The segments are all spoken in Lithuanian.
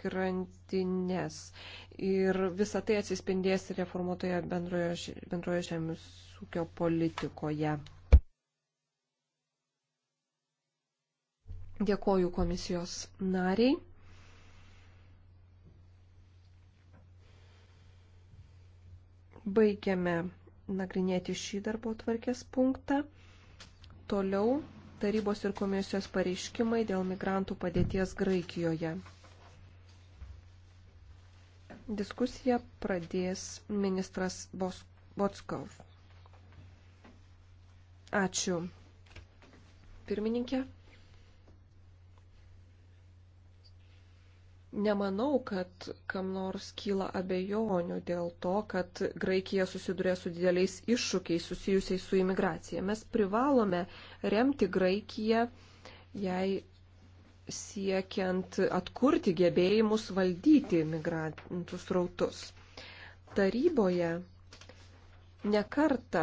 krantinės. Ir visa tai atsispindės reformuotoje bendrojo, bendrojo žemės ūkio politikoje. Dėkoju komisijos nariai. Baigiame nagrinėti šį darbo tvarkės punktą. Toliau tarybos ir komisijos pareiškimai dėl migrantų padėties Graikijoje. Diskusiją pradės ministras Botskov. Ačiū. Pirmininkė. Nemanau, kad kam nors kyla abejonių dėl to, kad Graikija susiduria su dideliais iššūkiais susijusiais su imigracija. Mes privalome remti Graikiją, jei siekiant atkurti gebėjimus valdyti migrantų srautus. Taryboje nekarta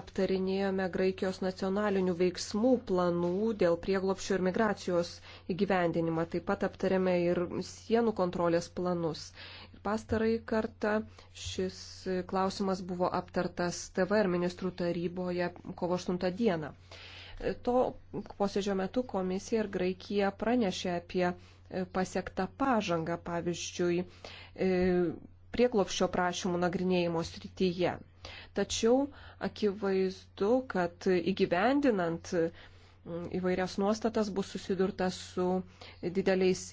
aptarinėjome Graikijos nacionalinių veiksmų planų dėl prieglopščio ir migracijos įgyvendinimą. Taip pat aptarėme ir sienų kontrolės planus. Ir pastarai kartą šis klausimas buvo aptartas TVR ministrų taryboje kovo 8 dieną. To posėdžio metu komisija ir Graikija pranešė apie e, pasiektą pažangą, pavyzdžiui, e, prieklopščio prašymų nagrinėjimo srityje. Tačiau akivaizdu, kad įgyvendinant įvairias nuostatas bus susidurta su dideliais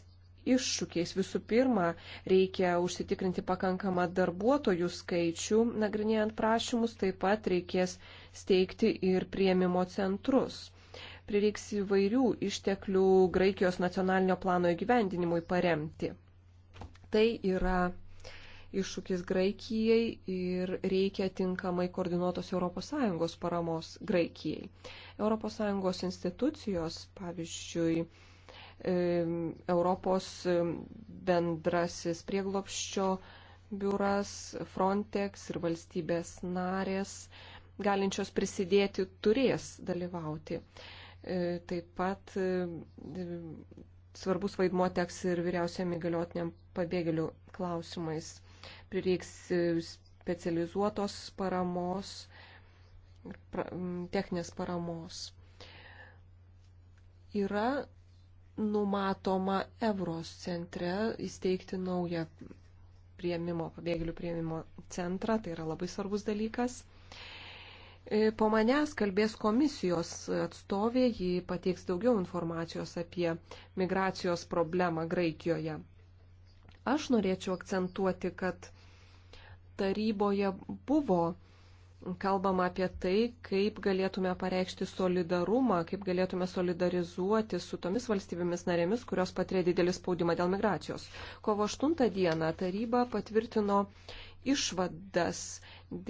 iššūkiais. Visų pirma, reikia užsitikrinti pakankamą darbuotojų skaičių, nagrinėjant prašymus, taip pat reikės steigti ir prieimimo centrus. Prireiks įvairių išteklių Graikijos nacionalinio plano įgyvendinimui paremti. Tai yra iššūkis Graikijai ir reikia tinkamai koordinuotos ES paramos Graikijai. ES institucijos, pavyzdžiui, Europos bendrasis prieglopščio biuras, Frontex ir valstybės narės galinčios prisidėti turės dalyvauti. E, taip pat svarbus vaidmuo teks ir vyriausiam įgaliotiniam pabėgėlių klausimais. Prireiks e, specializuotos paramos ir pra, techninės paramos. Yra numatoma Evros centre įsteigti naują prieimimo, pabėgėlių prieimimo centrą, tai yra labai svarbus dalykas. E, po manęs kalbės komisijos atstovė, ji pateiks daugiau informacijos apie migracijos problemą Graikijoje. Aš norėčiau akcentuoti, kad taryboje buvo kalbama apie tai, kaip galėtume pareikšti solidarumą, kaip galėtume solidarizuoti su tomis valstybėmis narėmis, kurios patiria didelį spaudimą dėl migracijos. Kovo 8 dieną taryba patvirtino išvadas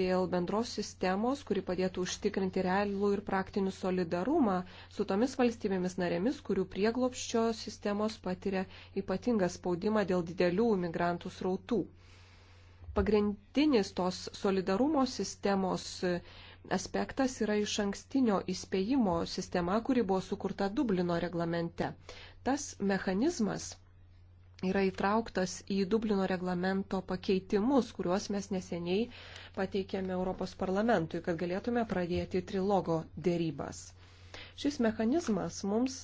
dėl bendros sistemos, kuri padėtų užtikrinti realų ir praktinį solidarumą su tomis valstybėmis narėmis, kurių prieglopščio sistemos patiria ypatingą spaudimą dėl didelių migrantų srautų pagrindinis tos solidarumo sistemos aspektas yra iš ankstinio įspėjimo sistema, kuri buvo sukurta Dublino reglamente. Tas mechanizmas yra įtrauktas į Dublino reglamento pakeitimus, kuriuos mes neseniai pateikėme Europos parlamentui, kad galėtume pradėti trilogo dėrybas. Šis mechanizmas mums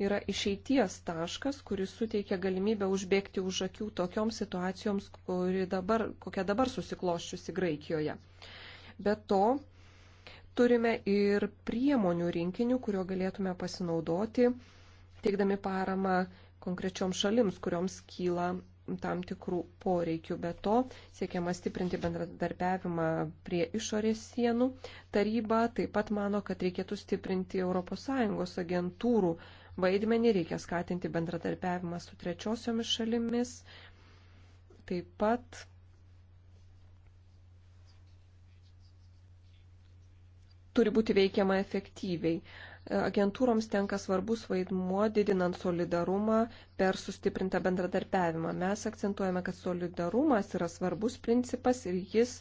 yra išeities taškas, kuris suteikia galimybę užbėgti už akių tokioms situacijoms, dabar, kokia dabar susikloščiusi Graikijoje. Be to, turime ir priemonių rinkinių, kurio galėtume pasinaudoti, teikdami paramą konkrečioms šalims, kurioms kyla tam tikrų poreikių. Be to, siekiama stiprinti bendradarbiavimą prie išorės sienų. Taryba taip pat mano, kad reikėtų stiprinti ES agentūrų vaidmenį, reikia skatinti bendradarbiavimą su trečiosiomis šalimis. Taip pat turi būti veikiama efektyviai. Agentūroms tenka svarbus vaidmuo didinant solidarumą per sustiprintą bendradarbiavimą. Mes akcentuojame, kad solidarumas yra svarbus principas ir jis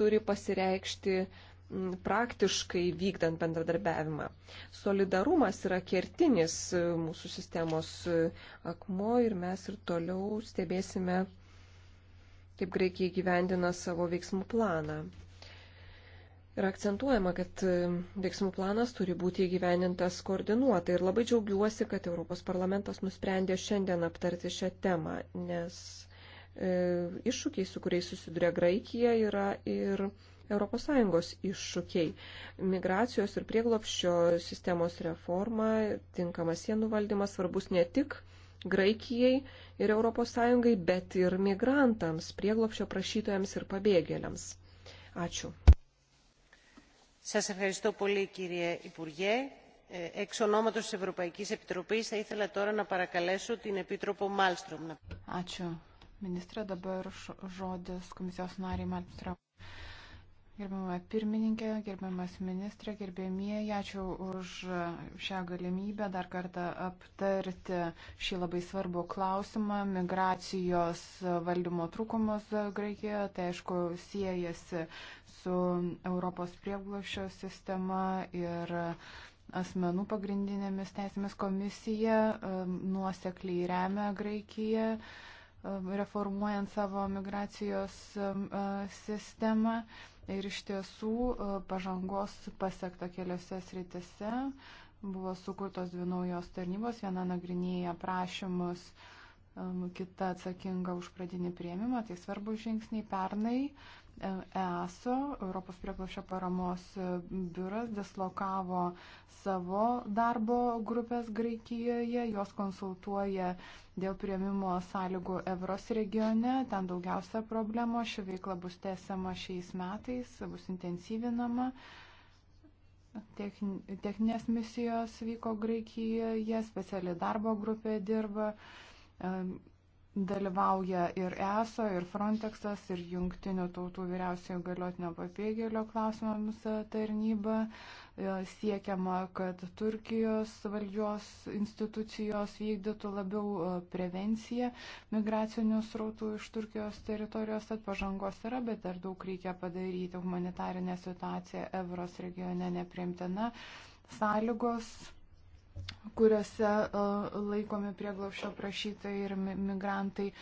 turi pasireikšti uh, praktiškai vykdant bendradarbiavimą. Solidarumas yra kertinis e, mūsų sistemos e, akmo ir mes ir toliau stebėsime, kaip Graikija gyvendina savo veiksmų planą. Ir akcentuojama, kad e, veiksmų planas turi būti įgyvenintas koordinuotai. Ir labai džiaugiuosi, kad Europos parlamentas nusprendė šiandien aptarti šią temą, nes e, iššūkiai, su kuriais susiduria Graikija, yra ir ES iššūkiai. Migracijos ir prieglopščio sistemos reforma, tinkamas sienų valdymas svarbus ne tik Graikijai ir ES, bet ir migrantams, prieglopščio prašytojams ir pabėgėliams. Ačiū. Σας ευχαριστώ πολύ κύριε Υπουργέ. Εξ ονόματος της Ευρωπαϊκής Επιτροπής θα ήθελα τώρα να παρακαλέσω την Επίτροπο Μάλστρομ. Ačiū. Ministra, dabar žodis komisijos nariai Malmström. Gerbama pirmininkė, gerbiamas ministrė, gerbėmieji, ačiū už šią galimybę dar kartą aptarti šį labai svarbų klausimą - migracijos valdymo trūkumus Graikijoje. Tai aišku, siejasi su Europos prieglošio sistema ir asmenų pagrindinėmis teisėmis komisija um, nuosekliai remia Graikiją um, reformuojant savo migracijos um, uh, sistemą. Ir iš tiesų e, pažangos pasiekta keliose sritise. Buvo sukurtos dvi naujos tarnybos, viena nagrinėja prašymus, e, kita atsakinga už pradinį prieimimą, tai svarbu žingsniai pernai. Uh, EASO, Europos prieklašio paramos biuras, dislokavo savo darbo grupės Graikijoje, jos konsultuoja dėl prieimimo sąlygų Evros regione, ten daugiausia problemo, ši veikla bus tęsiama šiais metais, bus intensyvinama. Techninės misijos vyko Graikijoje, speciali darbo grupė dirba dalyvauja ir ESO, ir Frontexas, ir Junktinių tautų vyriausiojo galiotinio papėgėlio klausimams tarnyba. E, siekiama, kad Turkijos valdžios institucijos vykdytų labiau e, prevenciją migracinių srautų iš Turkijos teritorijos, tad pažangos yra, bet dar daug reikia padaryti. Humanitarinė situacija Evros regione neprimtina. Sąlygos kuriuose e, laikomi prieglaušio prašytojai ir migrantai e,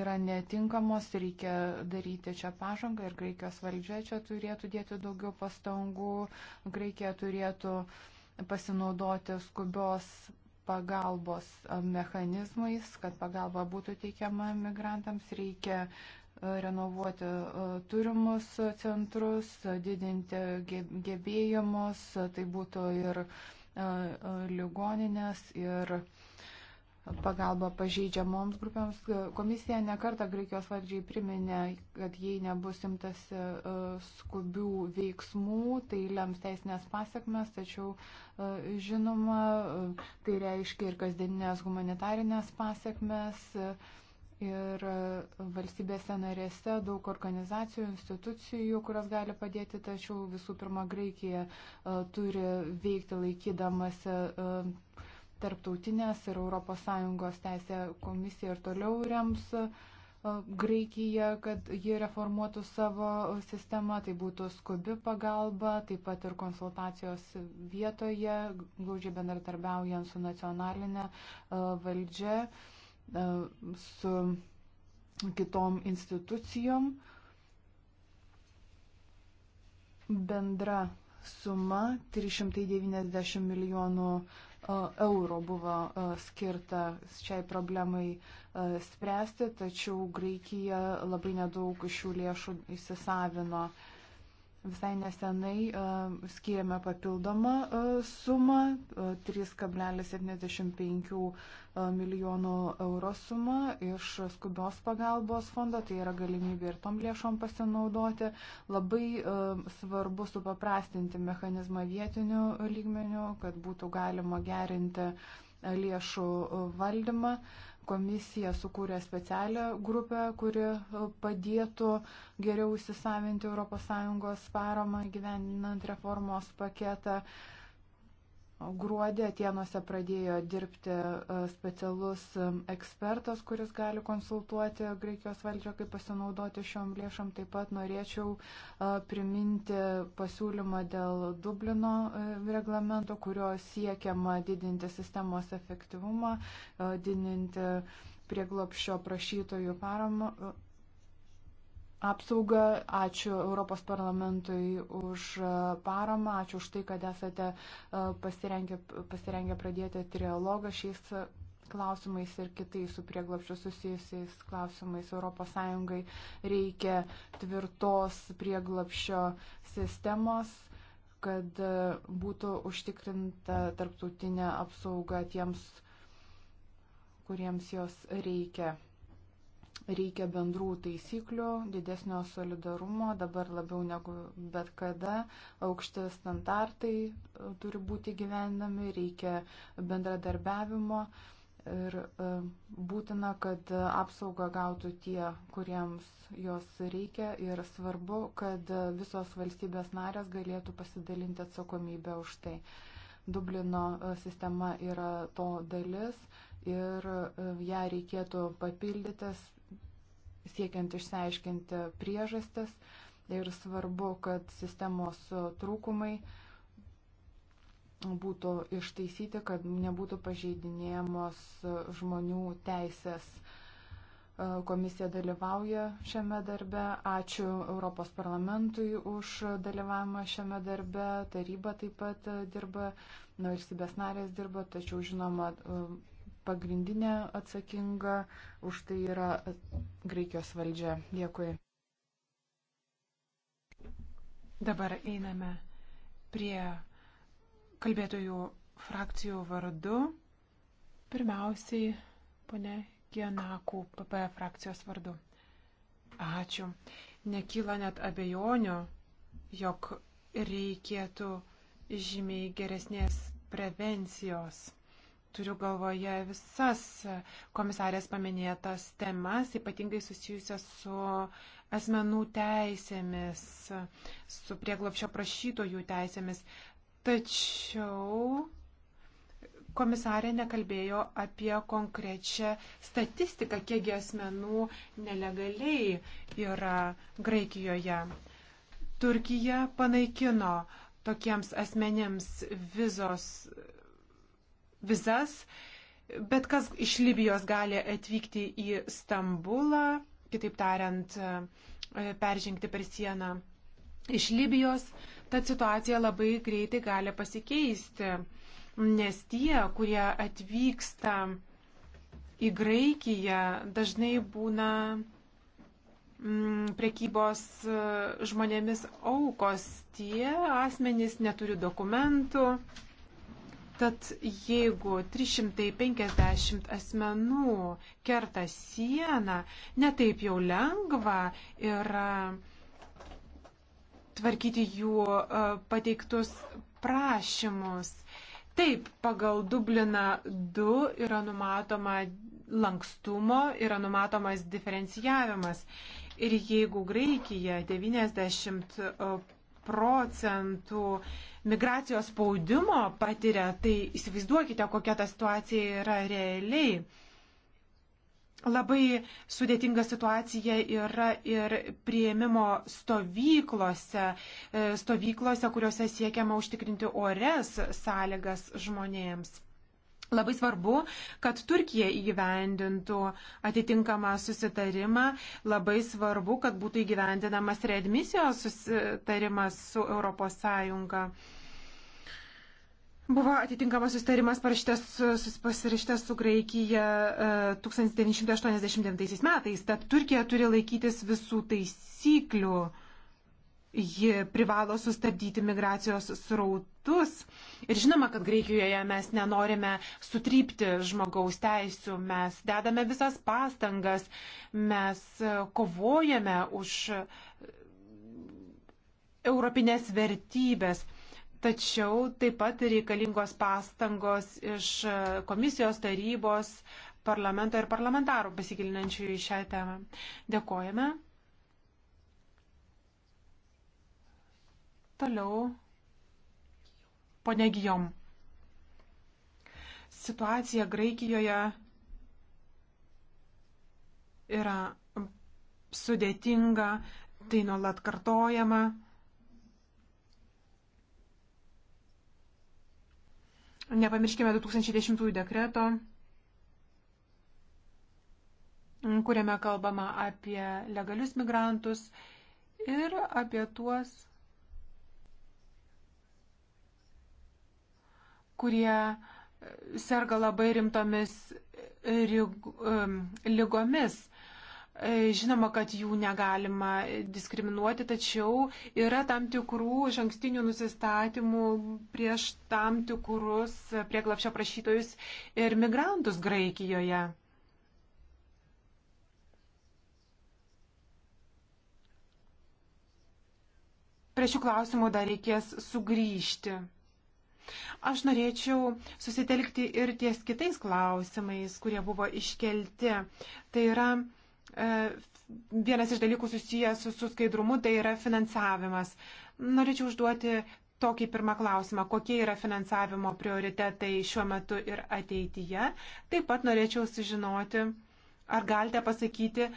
yra netinkamos, reikia daryti čia pažangą ir Graikijos valdžia čia turėtų dėti daugiau pastangų, Graikija turėtų pasinaudoti skubios pagalbos e, mechanizmais, kad pagalba būtų teikiama migrantams, reikia renovuoti turimus centrus, didinti gebėjimus, tai būtų ir uh, ligoninės ir pagalba pažeidžiamoms grupėms. Komisija nekarta Graikijos valdžiai priminė, kad jei nebus imtas skubių veiksmų, tai lems teisinės pasiekmes, tačiau žinoma, tai reiškia ir kasdieninės humanitarinės pasiekmes ir e, valstybėse narėse daug organizacijų, institucijų, kurios gali padėti, tačiau visų pirma Graikija e, turi veikti laikydamasi e, tarptautinės ir ES teisė komisija ir toliau rems. Graikija, kad ji reformuotų savo sistemą, tai būtų skubi pagalba, taip pat ir konsultacijos vietoje, glaudžiai bendratarbiaujant su nacionalinė valdžia. Uh, E, su kitom institucijom. Bendra suma 390 milijonų e, eurų buvo e, skirta šiai problemai spręsti, tačiau Graikija labai nedaug šių lėšų įsisavino. Uh, Visai nesenai uh, e, skiriame papildomą uh, sumą, uh, 3,75 uh, milijonų euro sumą iš skubios pagalbos fondo, tai yra galimybė ir tom lėšom pasinaudoti. Labai uh, svarbu supaprastinti mechanizmą vietiniu lygmeniu, kad būtų galima gerinti lėšų valdymą. Uh, Komisija sukūrė specialią grupę, kuri e, padėtų geriau įsisavinti ES paramą gyveninant reformos paketą. Uh, Gruodį Atenuose pradėjo dirbti e, specialus e, ekspertas, kuris gali konsultuoti Graikijos valdžią, kaip pasinaudoti šiom lėšom. Taip pat norėčiau e, priminti pasiūlymą dėl Dublino reglamento, kurio siekiama didinti sistemos efektyvumą, didinti prieglopšio prašytojų paramą apsaugą. Ačiū Europos parlamentui už e, paramą, ačiū už tai, kad esate e, pasirengę, pasirengę pradėti trialogą šiais e, klausimais ir kitais su prieglapščiu susijusiais klausimais ES reikia tvirtos prieglapščio sistemos kad būtų užtikrinta tarptautinė apsauga tiems, kuriems jos reikia reikia bendrų taisyklių, didesnio solidarumo, dabar labiau negu bet kada, aukšti standartai e, turi būti gyvenami, reikia bendradarbiavimo ir e, būtina, kad apsaugą gautų tie, kuriems jos reikia ir svarbu, kad visos valstybės narės galėtų pasidalinti atsakomybę už tai. Dublino e, sistema yra to dalis ir ją reikėtų papildytis siekiant išsiaiškinti priežastis ir svarbu, kad sistemos trūkumai būtų ištaisyti, kad nebūtų pažeidinėjamos žmonių teisės. Komisija dalyvauja šiame darbe. Ačiū Europos parlamentui už dalyvavimą šiame darbe. Taryba taip pat dirba, valstybės narės dirba, tačiau žinoma, pagrindinė atsakinga už tai yra e, Graikijos valdžia. Dėkui. Dabar einame prie kalbėtojų frakcijų vardu. Pirmiausiai, ponė Kienakų, PP frakcijos vardu. Ačiū. Nekyla net abejonių, jog reikėtų žymiai geresnės prevencijos turiu galvoje visas komisarės paminėtas temas, ypatingai susijusias su asmenų teisėmis, su prieglopšio prašytojų teisėmis. Tačiau komisarė nekalbėjo apie konkrečią statistiką, kiekgi asmenų nelegaliai yra Graikijoje. Turkija panaikino tokiems asmenims vizos vizas. Bet kas iš Libijos gali atvykti į Stambulą, kitaip tariant, e, peržengti per sieną iš Libijos, tad situacija labai greitai gali pasikeisti, nes tie, kurie atvyksta į Graikiją, dažnai būna mm, prekybos e, žmonėmis aukos, tie asmenys neturi dokumentų. Tad jeigu 350 asmenų kerta sieną, netaip jau lengva yra tvarkyti jų e, pateiktus prašymus. Taip, pagal Dubliną 2 yra numatoma lankstumo, yra numatomas diferencijavimas. Ir jeigu Graikija 90 procentų migracijos spaudimo patiria, tai įsivaizduokite, kokia ta situacija yra realiai. Labai sudėtinga situacija yra ir prieimimo stovyklose, stovyklose, kuriuose siekiama užtikrinti ores sąlygas žmonėms. Labai svarbu, kad Turkija įgyvendintų atitinkamą susitarimą. Labai svarbu, kad būtų įgyvendinamas readmisijos susitarimas su ES. Buvo atitinkamas susitarimas pasirašytas su Graikija 1989 e, metais, tad Turkija turi laikytis visų taisyklių ji privalo sustabdyti migracijos srautus. Ir žinoma, kad Graikijoje mes nenorime sutrypti žmogaus teisų, mes dedame visas pastangas, mes e, kovojame už e, europinės vertybės. Tačiau taip pat reikalingos pastangos iš e, komisijos tarybos, parlamento ir parlamentarų pasigilinančių į šią temą. Dėkojame. Toliau, ponegijom. Situacija Graikijoje yra sudėtinga, tai nuolat kartojama. Nepamirškime 2010 dekreto, kuriame kalbama apie legalius migrantus ir apie tuos kurie e, serga labai rimtomis e, e, lygomis. Žinoma, kad jų negalima diskriminuoti, tačiau yra tam tikrų iš ankstinių nusistatymų prieš tam tikrus prieglapšio prašytojus ir migrantus Graikijoje. Prie šių klausimų dar reikės sugrįžti. Aš norėčiau susitelkti ir ties kitais klausimais, kurie buvo iškelti. Tai yra e, vienas iš dalykų susijęs su, su skaidrumu, tai yra finansavimas. Norėčiau užduoti tokį pirmą klausimą, kokie yra finansavimo prioritetai šiuo metu ir ateityje. Taip pat norėčiau sužinoti, ar galite pasakyti,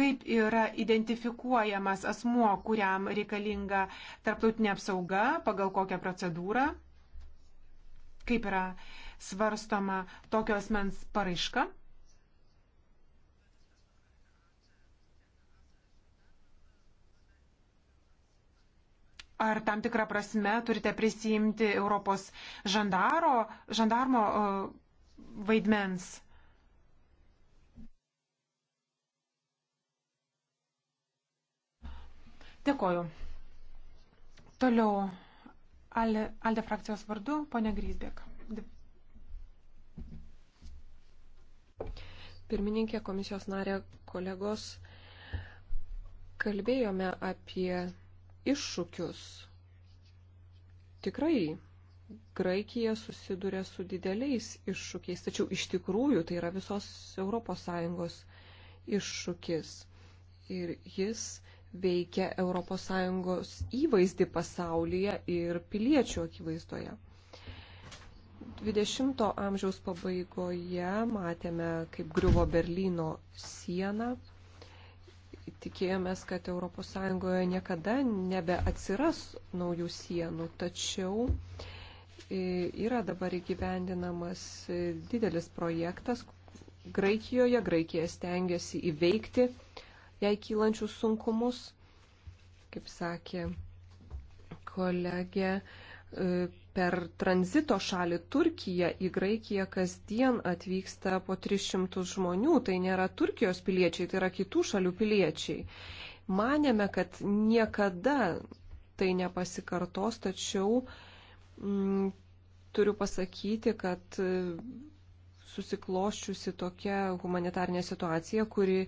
kaip yra identifikuojamas asmuo, kuriam reikalinga tarptautinė apsauga, pagal kokią procedūrą kaip yra svarstoma tokio asmens paraiška. Ar tam tikrą prasme turite prisijimti Europos žandaro, žandarmo e, vaidmens? Dėkoju. Toliau Alde frakcijos vardu, ponė Grysbėk. Pirmininkė, komisijos narė, kolegos, kalbėjome apie iššūkius. Tikrai Graikija susiduria su dideliais iššūkiais, tačiau iš tikrųjų tai yra visos ES iššūkis. Ir jis veikia ES įvaizdį pasaulyje ir piliečių akivaizdoje. 20 amžiaus pabaigoje matėme, kaip griuvo Berlyno siena. Tikėjomės, kad ES niekada nebeatsiras naujų sienų, tačiau e, yra dabar įgyvendinamas e, didelis projektas Graikijoje. Graikija stengiasi įveikti jai kylančius sunkumus. Kaip sakė kolegė, e, per tranzito šalį Turkiją į Graikiją kasdien atvyksta po 300 žmonių. Tai nėra Turkijos piliečiai, tai yra kitų šalių piliečiai. Manėme, kad niekada tai nepasikartos, tačiau m, mm, turiu pasakyti, kad e, susikloščiusi tokia humanitarinė situacija, kuri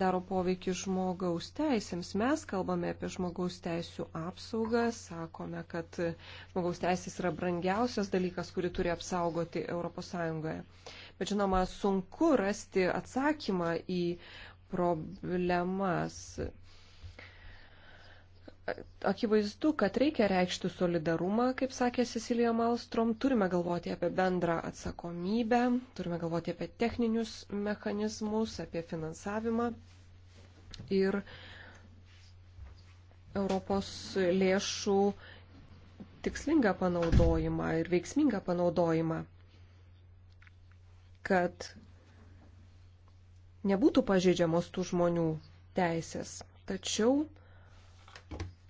daro poveikį žmogaus teisėms. Mes kalbame apie žmogaus teisų apsaugą, sakome, kad žmogaus teisės yra brangiausias dalykas, kurį turi apsaugoti ES. Bet žinoma, sunku rasti atsakymą į problemas akivaizdu, kad reikia reikšti solidarumą, kaip sakė Cecilija Malstrom, turime galvoti apie bendrą atsakomybę, turime galvoti apie techninius mechanizmus, apie finansavimą ir Europos lėšų tikslingą panaudojimą ir veiksmingą panaudojimą, kad nebūtų pažeidžiamos tų žmonių teisės. Tačiau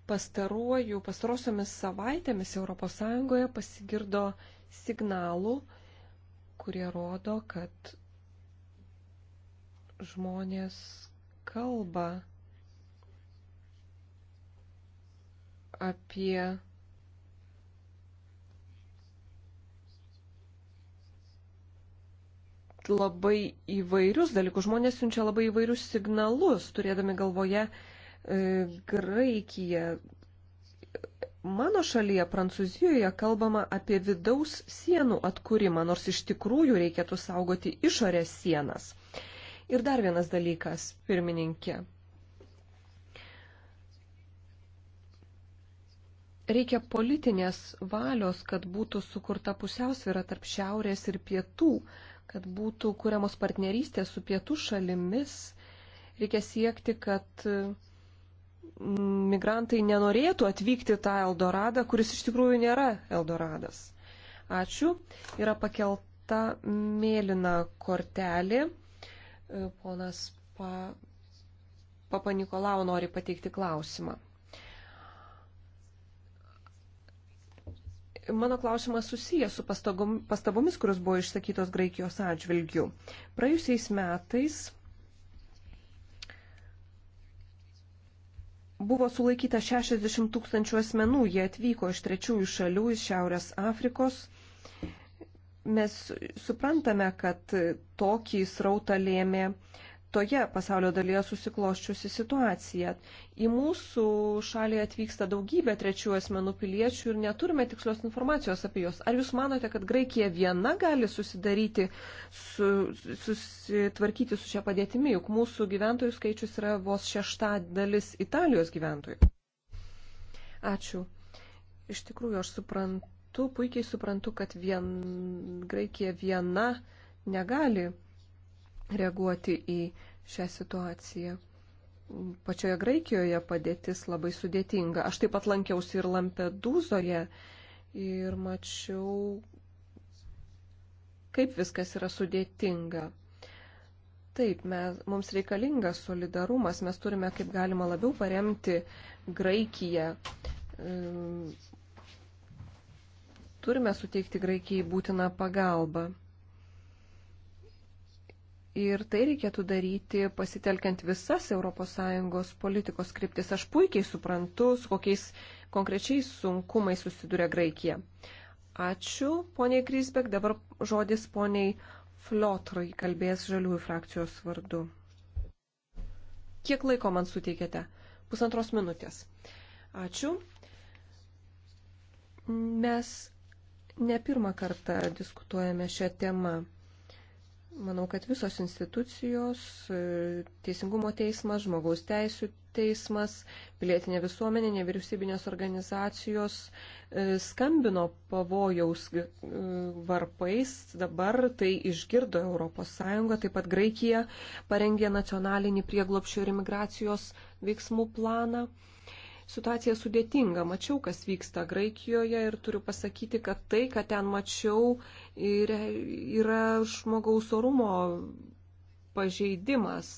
pastaruoju, pastarosiomis savaitėmis ES pasigirdo signalų, kurie rodo, kad žmonės kalba apie labai įvairius dalykus. Žmonės siunčia labai įvairius signalus, turėdami galvoje E, Graikija. Mano šalyje, Prancūzijoje, kalbama apie vidaus sienų atkūrimą, nors iš tikrųjų reikėtų saugoti išorės sienas. Ir dar vienas dalykas, pirmininkė. Reikia politinės valios, kad būtų sukurta pusiausvėra tarp šiaurės ir pietų, kad būtų kuriamos partnerystės su pietų šalimis. Reikia siekti, kad migrantai nenorėtų atvykti tą Eldoradą, kuris iš tikrųjų nėra Eldoradas. Ačiū. Yra pakelta mėlyna kortelė. E, ponas pa... Papa Nikolau nori pateikti klausimą. Mano klausimas susijęs su pastabomis, kurios buvo išsakytos Graikijos atžvilgių. Praėjusiais metais Buvo sulaikyta 60 tūkstančių asmenų, jie atvyko iš trečiųjų šalių, iš Šiaurės Afrikos. Mes suprantame, kad tokį srautą lėmė uh, toje pasaulio dalyje susikloščiusi situacija. Į mūsų šalį atvyksta daugybė trečių asmenų piliečių ir neturime tikslios informacijos apie juos. Ar jūs manote, kad Graikija viena gali susidaryti, su, susitvarkyti su šia padėtimi, juk mūsų gyventojų skaičius yra vos šešta dalis Italijos gyventojų? Ačiū. Iš tikrųjų, aš suprantu, puikiai suprantu, kad vien, Graikija viena negali reaguoti į šią situaciją. Pačioje Graikijoje padėtis labai sudėtinga. Aš taip pat lankiausi ir Lampedūzoje ir mačiau, kaip viskas yra sudėtinga. Taip, mes, mums reikalingas solidarumas, mes turime kaip galima labiau paremti Graikiją. Ehm, turime suteikti Graikijai būtiną pagalbą. Ir tai reikėtų daryti pasitelkiant visas ES politikos kryptis. Aš puikiai suprantu, su kokiais konkrečiais sunkumais susiduria Graikija. Ačiū, poniai Grisbek. Dabar žodis poniai Fliotrui kalbės žaliųjų frakcijos vardu. Kiek laiko man suteikėte? Pusantros minutės. Ačiū. Mes ne pirmą kartą diskutuojame šią temą. Manau, kad visos institucijos, e, teisingumo teismas, žmogaus teisų teismas, pilietinė visuomenė, nevyriausybinės organizacijos e, skambino pavojaus e, varpais, dabar tai išgirdo ES, taip pat Graikija parengė nacionalinį prieglopšio ir imigracijos veiksmų planą situacija sudėtinga. Mačiau, kas vyksta Graikijoje ir turiu pasakyti, kad tai, ką ten mačiau, yra, yra žmogaus orumo pažeidimas.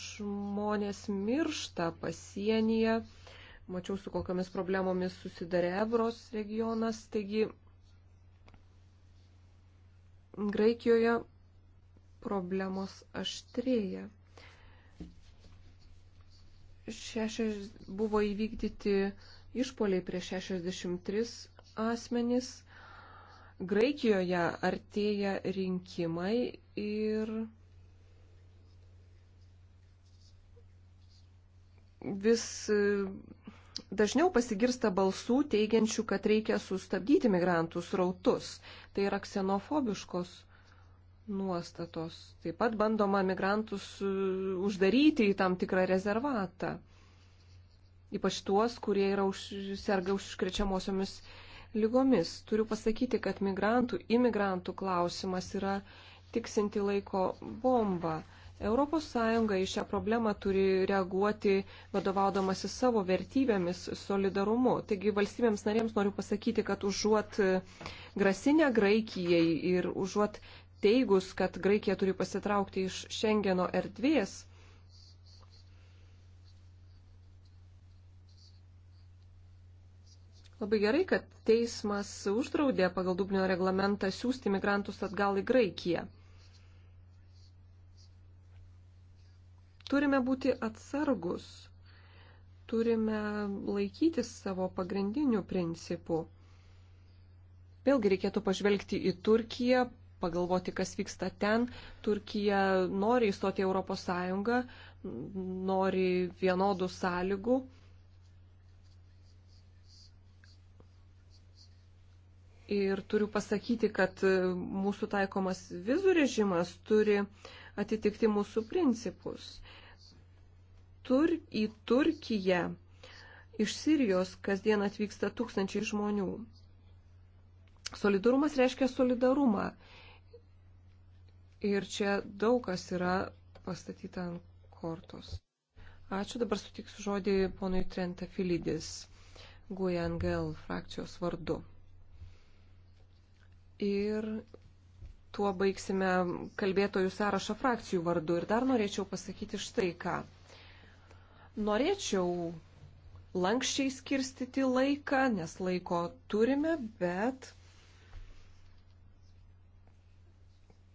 Žmonės miršta pasienyje. Mačiau, su kokiamis problemomis susidarė Evros regionas. Taigi, Graikijoje problemos aštrėja šešias, buvo įvykdyti išpoliai prieš 63 asmenys. Graikijoje artėja rinkimai ir vis e, dažniau pasigirsta balsų teigiančių, kad reikia sustabdyti migrantų srautus. Tai yra ksenofobiškos nuostatos. Taip pat bandoma migrantus e, uždaryti į tam tikrą rezervatą. Ypač tuos, kurie yra už, serga užkrečiamosiomis lygomis. Turiu pasakyti, kad migrantų, imigrantų klausimas yra tiksinti laiko bomba. ES į šią problemą turi reaguoti vadovaudamasi savo vertybėmis, solidarumu. Taigi valstybėms narėms noriu pasakyti, kad užuot e, grasinę Graikijai ir užuot teigus, kad Graikija turi pasitraukti iš Šengeno erdvės, Labai gerai, kad teismas uždraudė pagal Dublino reglamentą siūsti migrantus atgal į Graikiją. Turime būti atsargus, turime laikytis savo pagrindinių principų. Vėlgi reikėtų pažvelgti į Turkiją pagalvoti, kas vyksta ten. Turkija nori įstoti Europos Sąjungą, nori vienodų sąlygų. Ir turiu pasakyti, kad mūsų taikomas vizų režimas turi atitikti mūsų principus. Tur, į Turkiją iš Sirijos kasdien atvyksta tūkstančiai žmonių. Solidarumas reiškia solidarumą. Ir čia daug kas yra pastatyta ant kortos. Ačiū, dabar sutiksiu žodį ponui Trenta Filidis, GUENGL frakcijos vardu. Ir tuo baigsime kalbėtojų sąrašą frakcijų vardu. Ir dar norėčiau pasakyti štai ką. Norėčiau lankščiai skirstyti laiką, nes laiko turime, bet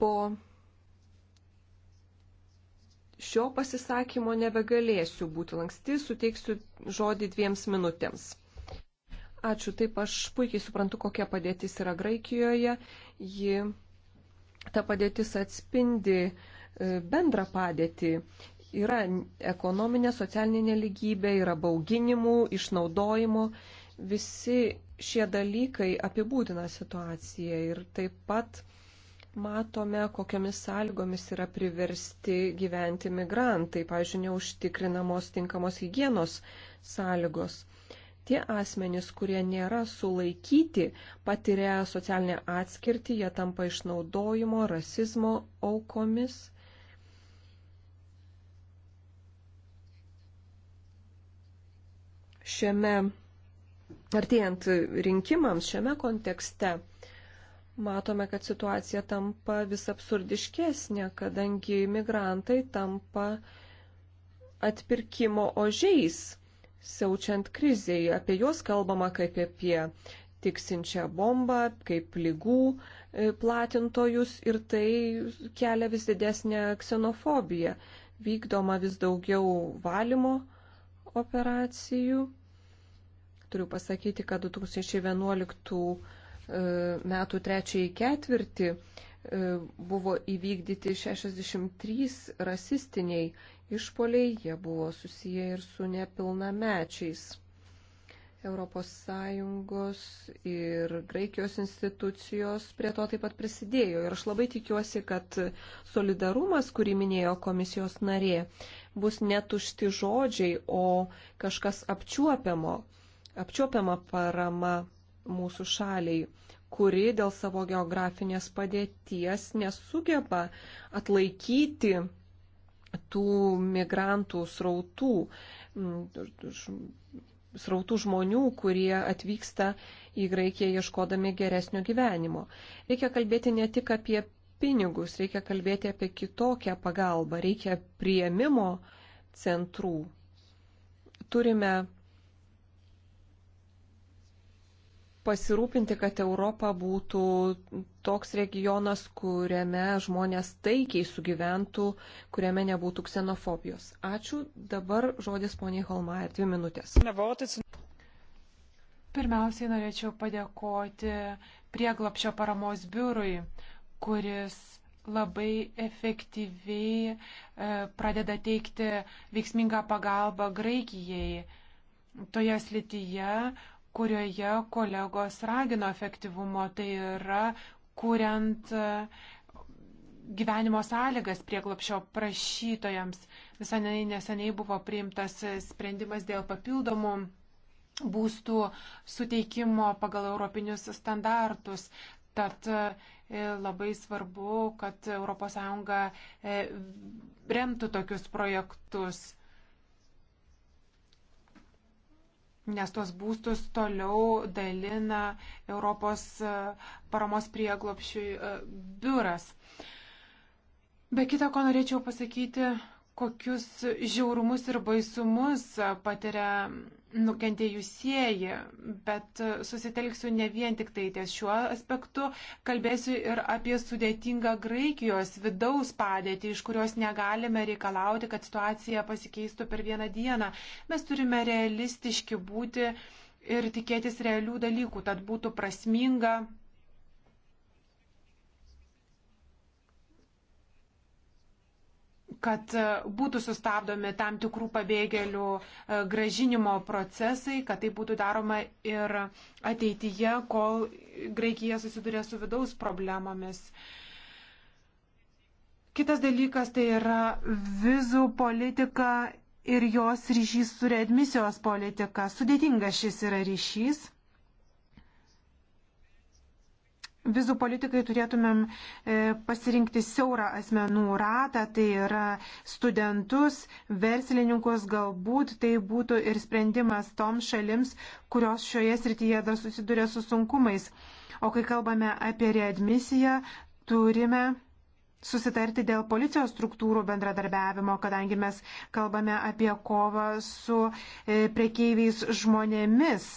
po šio pasisakymo nebegalėsiu būti lanksti, suteiksiu žodį dviems minutėms. Ačiū, taip aš puikiai suprantu, kokia padėtis yra Graikijoje. Ji, ta padėtis atspindi e, bendrą padėtį. Yra ekonominė, socialinė neligybė, yra bauginimų, išnaudojimo. Visi šie dalykai apibūdina situaciją ir taip pat matome, kokiamis sąlygomis yra priversti gyventi migrantai, pavyzdžiui, neužtikrinamos tinkamos hygienos sąlygos. Tie asmenys, kurie nėra sulaikyti, patiria socialinę atskirtį, jie tampa išnaudojimo, rasizmo aukomis. Šiame artėjant rinkimams, šiame kontekste matome, kad situacija tampa vis absurdiškesnė, kadangi migrantai tampa atpirkimo ožiais, siaučiant kriziai. Apie juos kalbama kaip apie tiksinčią bombą, kaip lygų e, platintojus ir tai kelia vis didesnę ksenofobiją. Vykdoma vis daugiau valymo operacijų. Turiu pasakyti, kad 2011 E, metų trečiąjį ketvirtį e, buvo įvykdyti 63 rasistiniai išpoliai, jie buvo susiję ir su nepilnamečiais. ES ir Graikijos institucijos prie to taip pat prisidėjo. Ir aš labai tikiuosi, kad solidarumas, kurį minėjo komisijos narė, bus netušti žodžiai, o kažkas apčiuopiamo, apčiuopiama parama mūsų šaliai, kuri dėl savo geografinės padėties nesugeba atlaikyti tų migrantų srautų, srautų žmonių, kurie atvyksta į Graikiją ieškodami geresnio gyvenimo. Reikia kalbėti ne tik apie pinigus, reikia kalbėti apie kitokią pagalbą, reikia prieimimo centrų. Turime pasirūpinti, kad Europa būtų toks regionas, kuriame žmonės taikiai sugyventų, kuriame nebūtų ksenofobijos. Ačiū. Dabar žodis poniai Holmaier. Dvi minutės. Pirmiausiai norėčiau padėkoti prieglapšio paramos biurui, kuris labai efektyviai e, pradeda teikti veiksmingą pagalbą Graikijai toje slityje, kurioje kolegos ragino efektyvumo, tai yra kuriant e, gyvenimo sąlygas prieglopšio prašytojams. Visai neseniai buvo priimtas sprendimas dėl papildomų būstų suteikimo pagal europinius standartus. Tad e, labai svarbu, kad ES e, remtų tokius projektus. nes tuos būstus toliau dalina Europos e, paramos prieglopšiui e, biuras. Be kita ko norėčiau pasakyti, kokius žiaurumus ir baisumus patiria nukentėjusieji, bet susitelksiu ne vien tik tai ties šiuo aspektu, kalbėsiu ir apie sudėtingą Graikijos vidaus padėtį, iš kurios negalime reikalauti, kad situacija pasikeistų per vieną dieną. Mes turime realistiški būti ir tikėtis realių dalykų, tad būtų prasminga kad e, būtų sustabdomi tam tikrų pabėgėlių e, gražinimo procesai, kad tai būtų daroma ir ateityje, kol Graikija susiduria su vidaus problemomis. Kitas dalykas tai yra vizų politika ir jos ryšys su readmisijos politika. Sudėtingas šis yra ryšys vizų politikai turėtumėm e, pasirinkti siaurą asmenų ratą, tai yra studentus, verslininkus, galbūt tai būtų ir sprendimas toms šalims, kurios šioje srityje dar susiduria su sunkumais. O kai kalbame apie readmisiją, turime susitarti dėl policijos struktūrų bendradarbiavimo, kadangi mes kalbame apie kovą su e, prekeiviais žmonėmis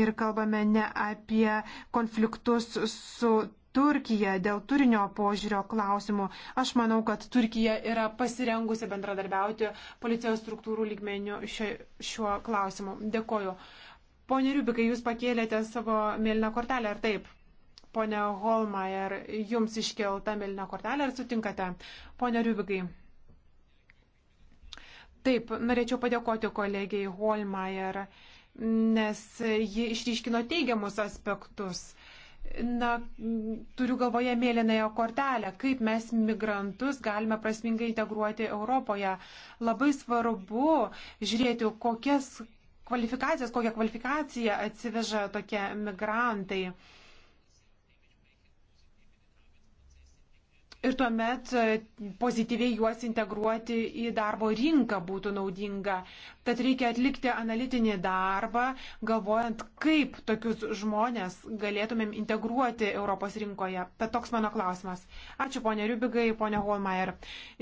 ir kalbame ne apie konfliktus su Turkija dėl turinio požiūrio klausimų. Aš manau, kad Turkija yra pasirengusi bendradarbiauti policijos struktūrų lygmenių šio, šiuo klausimu. Dėkoju. Pone Riubikai, jūs pakėlėte savo mėlyną kortelę, ar taip? Pone Holmaier, jums iškelta mėlyna kortelė, ar sutinkate? Pone Riubikai. Taip, norėčiau padėkoti kolegijai Holmaier. Er nes ji išryškino teigiamus aspektus. Na, turiu galvoje mėlynąją kortelę, kaip mes migrantus galime prasmingai integruoti Europoje. Labai svarbu žiūrėti, kokias kvalifikacijas, kokią kvalifikaciją atsiveža tokie migrantai. Ir tuomet e, pozityviai juos integruoti į darbo rinką būtų naudinga. Tad reikia atlikti analitinį darbą, galvojant, kaip tokius žmonės galėtumėm integruoti Europos rinkoje. Tad toks mano klausimas. Ačiū, ponė Riubigai, ponė Holmeier.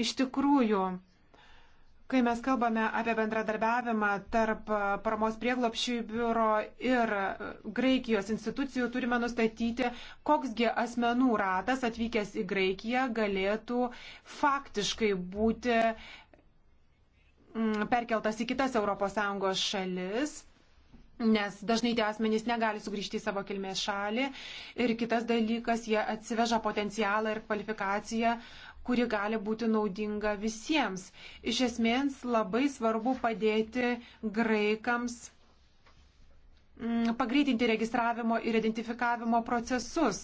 Iš tikrųjų, Kai mes kalbame apie bendradarbiavimą tarp e, paramos prieglopšių biuro ir e, Graikijos institucijų, turime nustatyti, koksgi asmenų ratas atvykęs į Graikiją galėtų faktiškai būti mm, perkeltas į kitas ES šalis. Nes dažnai tie asmenys negali sugrįžti į savo kilmės šalį. Ir kitas dalykas, jie atsiveža potencialą ir kvalifikaciją kuri gali būti naudinga visiems. Iš esmės labai svarbu padėti graikams mm, pagreitinti registravimo ir identifikavimo procesus.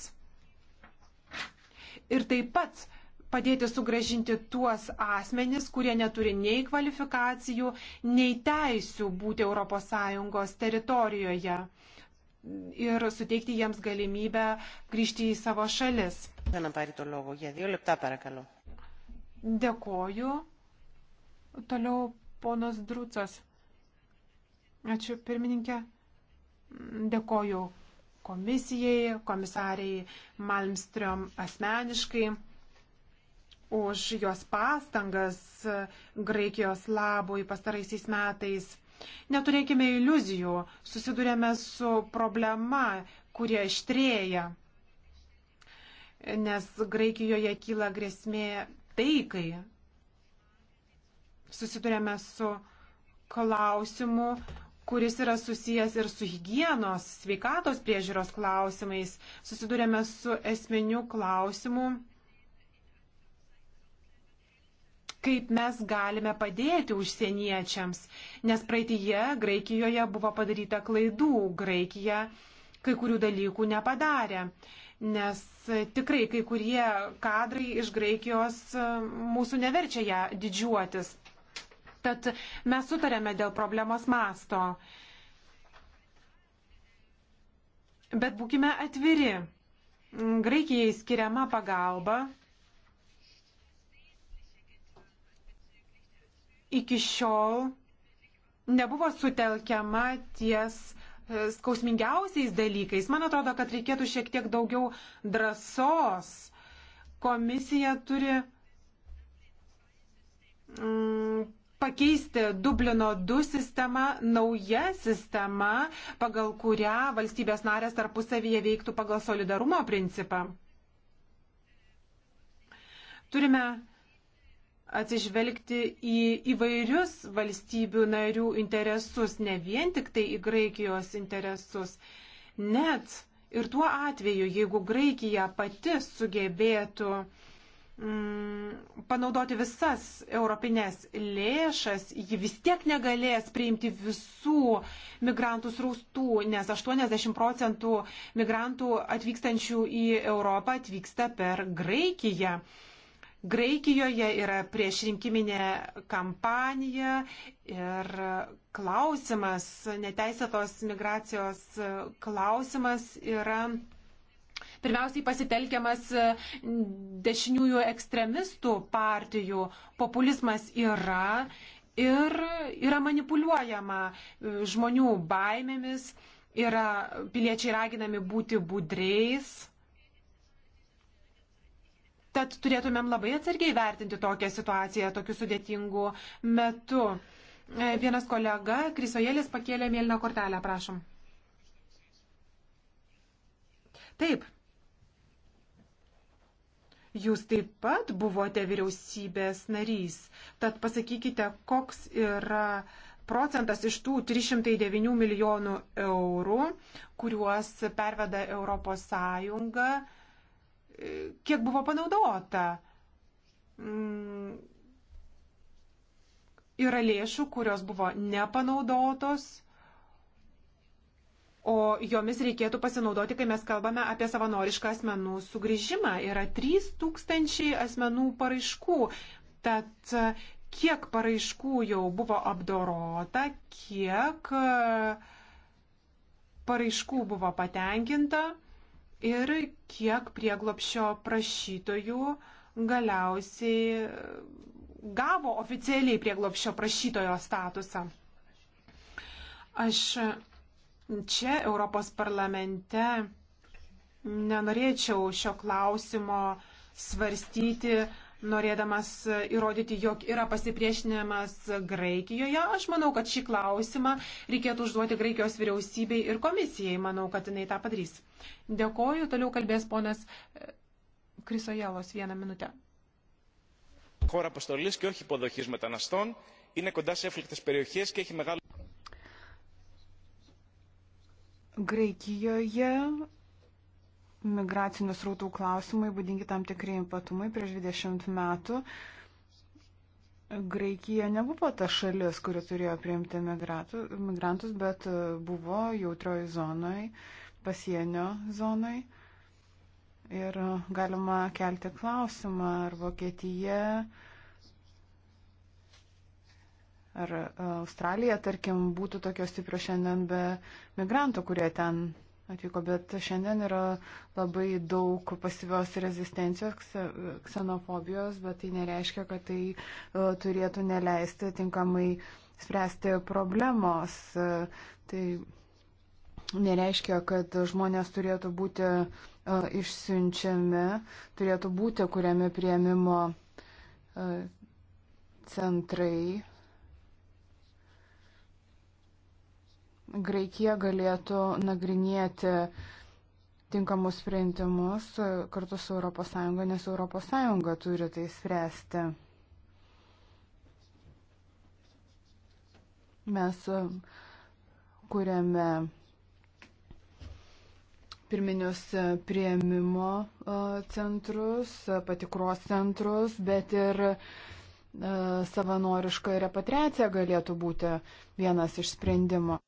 Ir taip pat padėti sugražinti tuos asmenis, kurie neturi nei kvalifikacijų, nei teisių būti ES teritorijoje ir suteikti jiems galimybę grįžti į savo šalis. Dėkoju. Toliau ponas Drūcas. Ačiū pirmininkė. Dėkoju komisijai, komisariai Malmström asmeniškai už jos pastangas Graikijos labui pastaraisiais metais. Neturėkime iliuzijų, susidurėme su problema, kurie ištrėja nes Graikijoje kyla grėsmė taikai. Susidurėme su klausimu, kuris yra susijęs ir su hygienos, sveikatos priežiūros klausimais. Susidurėme su esminiu klausimu, kaip mes galime padėti užsieniečiams, nes praeitįje Graikijoje buvo padaryta klaidų, Graikija kai kurių dalykų nepadarė nes tikrai kai kurie kadrai iš Graikijos e, mūsų neverčia ją didžiuotis. Tad mes sutarėme dėl problemos masto. Bet būkime atviri. Graikijai skiriama pagalba iki šiol nebuvo sutelkiama ties skausmingiausiais dalykais. Man atrodo, kad reikėtų šiek tiek daugiau drąsos. Komisija turi mm, pakeisti Dublino 2 sistemą nauja sistema, pagal kurią valstybės narės tarpusavyje veiktų pagal solidarumo principą. Turime atsižvelgti į įvairius valstybių narių interesus, ne vien tik tai į Graikijos interesus. Net ir tuo atveju, jeigu Graikija pati sugebėtų mm, panaudoti visas europinės lėšas, ji vis tiek negalės priimti visų migrantų sraustų, nes 80 procentų migrantų atvykstančių į Europą atvyksta per Graikiją. Graikijoje yra priešrinkiminė kampanija ir klausimas, neteisėtos migracijos klausimas yra pirmiausiai pasitelkiamas dešiniųjų ekstremistų partijų. Populizmas yra ir yra manipuliuojama žmonių baimėmis, yra piliečiai raginami būti budreis. Tad turėtumėm labai atsargiai vertinti tokią situaciją tokiu sudėtingu metu. E, vienas kolega, Krisojėlis, pakėlė mėlyną kortelę, prašom. Taip. Jūs taip pat buvote vyriausybės narys. Tad pasakykite, koks yra procentas iš tų 309 milijonų eurų, kuriuos perveda Europos Sąjunga kiek buvo panaudota. Mm. Yra lėšų, kurios buvo nepanaudotos, o jomis reikėtų pasinaudoti, kai mes kalbame apie savanorišką asmenų sugrįžimą. Yra 3000 asmenų paraiškų. Tad kiek paraiškų jau buvo apdorota, kiek e, paraiškų buvo patenkinta ir kiek prieglopšio prašytojų galiausiai e, gavo oficialiai prieglopšio prašytojo statusą. Aš čia Europos parlamente nenorėčiau šio klausimo svarstyti norėdamas įrodyti, jog yra pasipriešinimas Graikijoje. Aš manau, kad šį klausimą reikėtų užduoti Graikijos vyriausybei ir komisijai. Manau, kad jinai tą padarys. Dėkoju. Toliau kalbės ponas e, Krisojelos vieną minutę. Χώρα αποστολή και όχι υποδοχή μεταναστών είναι κοντά σε έφλεκτε περιοχέ και έχει μεγάλο. Graikijoje migracinių srautų klausimai būdingi tam tikrai ypatumai prieš 20 metų. Graikija nebuvo ta šalis, kuri turėjo priimti migratų, migrantus, bet e, buvo jautrioji zonai, pasienio zonai. Ir e, galima kelti klausimą, ar Vokietija, ar e, Australija, tarkim, būtų tokios stiprios šiandien be migrantų, kurie ten atvyko, bet šiandien yra labai daug pasyvios rezistencijos, ksenofobijos, bet tai nereiškia, kad tai e, turėtų neleisti tinkamai spręsti problemos. E, tai nereiškia, kad žmonės turėtų būti e, išsiunčiami, turėtų būti kuriami prieimimo centrai Graikija galėtų nagrinėti tinkamus sprendimus kartu su ES, nes ES turi tai spręsti. Mes uh, kuriame pirminius uh, prieimimo uh, centrus, patikros centrus, bet ir savanoriška repatriacija galėtų būti vienas iš sprendimų.